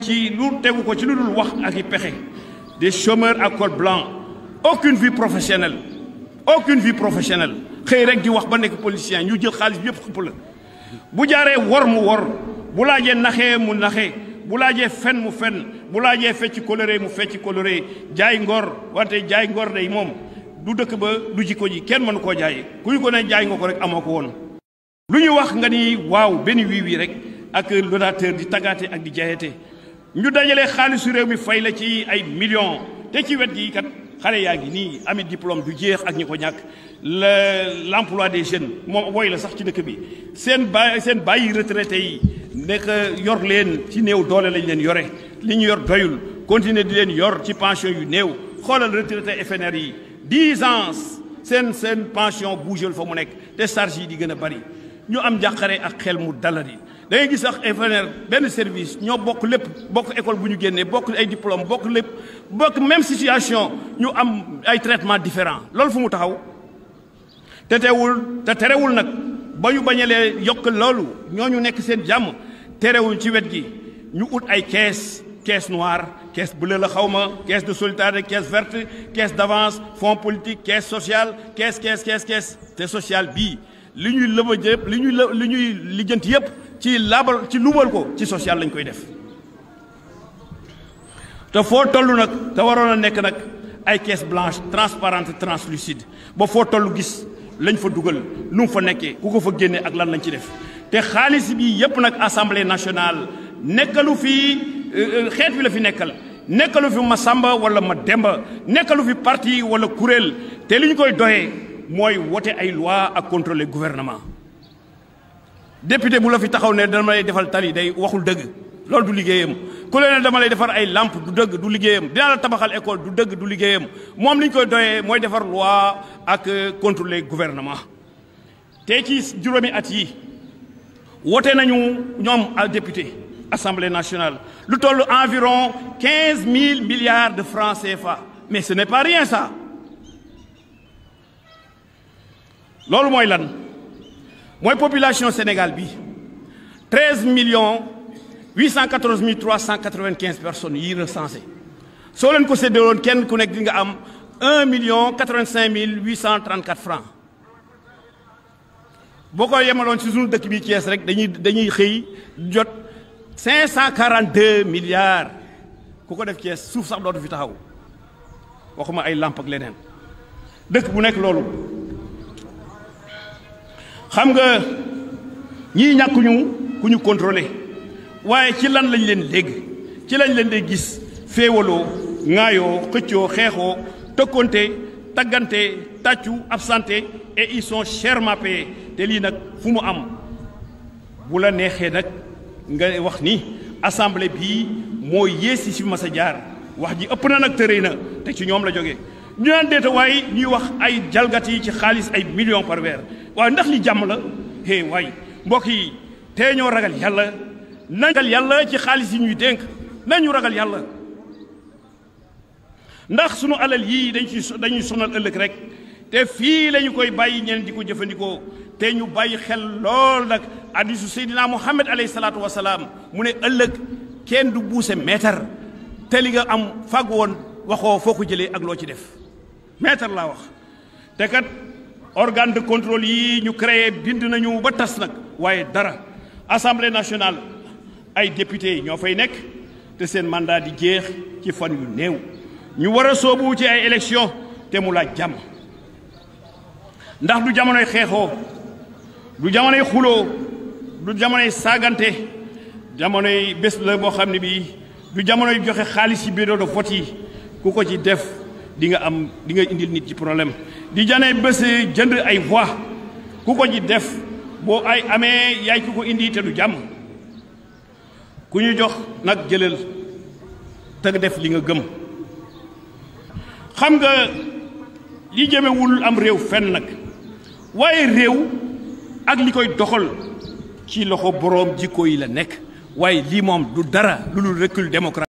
ci nous tegu ko ci lu dul wax ak i des chômeurs à col blanc aucune vie professionnelle aucune vie professionnelle xey rek di wax ba nek policier ñu jël xaliss yépp yëpp xëpp la bu wor mu wor bu naxé mu naxé bu fen mu fen bu laajee fecc coloré mu fecc coloré jaay ngor wante jaay ngor day mom du dëkk ba du jikko ji kenn mënu koo jaay ku ko né jaay nga ko rek won lu ñu wax nga ni waaw benn wii rek ak l'auditeur di tagaté ak di jaayate ñu dajale xaalisu réew mi fay la ci ay millions te ci gi kat diplôme du jeex l'emploi des jeunes moom woy sax ci dëkk bi seen seen retraité yi nekk yor leen ci néew doole lañ leen yore yor doyul pension yu néew xoolal retraité ans seen seen pension fa mu nekk te am da ngay gis sax infirmière benn service ñoo bokk lépp bokk école bu ñu génnee bokk ay diplôme bokk lépp bokk même situation ñu am ay traitement différent loolu fu mu taxaw te teewul te terewul nag ba ñu bañalee yokk loolu ñooñu nekk seen jàmm terewul ci wet gi ñu ut ay caisse caisse noire caisse bleue la xaw ma caisse de solidarité caisse verte caisse d'avance fonds politique caisse sociale caisse caisse caisse caisse te sociale bii li ñuy lëba jëpp li ñuy li ñuy lijjanti yëpp ci labal ci luubal ko ci social lañ koy def te foo toll nag te waroon a nekk nag ay caisse blanche transparente translucide ba foo tollu gis lañ fa dugal lu fa nekkee ku ko fa génne ak lan lañ ci def te xaalis bi yépp nag assemblée nationale nekkalu fi euh, euh, xeet fi la fi nekkal nekkalu fi ma samba wala ma demba nekkalu fi parti wala kuréel te li ñu koy doyee mooy wote ay loi ak contrôler gouvernement député bu la fi taxaw ne dama lay defal tali day waxul deug loolu du liggéeyam ku dama lay defar ay lampe du deug du Tabakal, dina la tabaxal école du deug du liggéeyam mom liñ koy doye moy defar loi ak euh, contrôler gouvernement. té ci juromi at yi woté nañu al député assemblée nationale lu toll environ quinze mille milliards de francs CFA mais ce n'est pas rien ça loolu moy lan mooy population Sénégal bi 13 millions 814 395 personnes yi recensé Sur leen ko de kenn ku am 1 million 85 834 francs boo ko yemaloon si suñu dëkk bi Thiès rek dañuy dañuy xëy jot 542 milliards ku ko def Thiès suuf sax dootu fi taxaw waxuma ay làmp ak leneen dëkk bu là loolu xam nga ñii ñàkkuñu ku ñu contrôler waye ci lan lañ leen dégg ci lañ leen day gis féwolo ngaayo xëccoo xeexoo tëkkonte taggante tàccu absenté et ils sont chèrement payés té li nak fu mu am bu la nexé nak nga wax ni assemblée bi moo yéssi si mas a jaar wax ji ëpp na nak tërëy na té ci ñom la joggé ñu naan déeta waaye ñuy wax ay jalgati ci xaalis ay millions par verre waaye ndax li jàmm la hé waay mbokk yi tee ragal yàlla nañ ragal yàlla ci xaalis yi ñuy dénk nañu ragal yàlla ndax sunu alal yii dañ ci dañuy sonal ëllëg rek te fii lañu koy bàyyi ñeneen di ko jëfandikoo te ñu bàyyi xel lool nag hadisu seydina muhammad alayhi salatu wasalaam mu ne ëllëg kenn du buuse meetar te li nga am fàgg woon waxoo foo ko jëlee ak loo ci def meetar laa wax te kat organe de contrôle yi ñu créé bind nañu ba dara assemblée nationale ay député ño fay n'ek, mandat di jeex ci yu ñu a ci ay élection té mu Nous jam ndax du jamono nous du nous xulo du nous la du de vote ku di nga am di nga indil nit ci problème di janee bése jënd ay voix ku ko ji def boo ay amee yaay ku ko indi te du jàmm ku ñu jox nag jëlal te def li nga gëm xam nga li jëmewul am réew fenn nag waaye réew ak li koy doxal ci loxo boroom jikko yi la nekk waaye lii moom du dara lu dul recul démocratique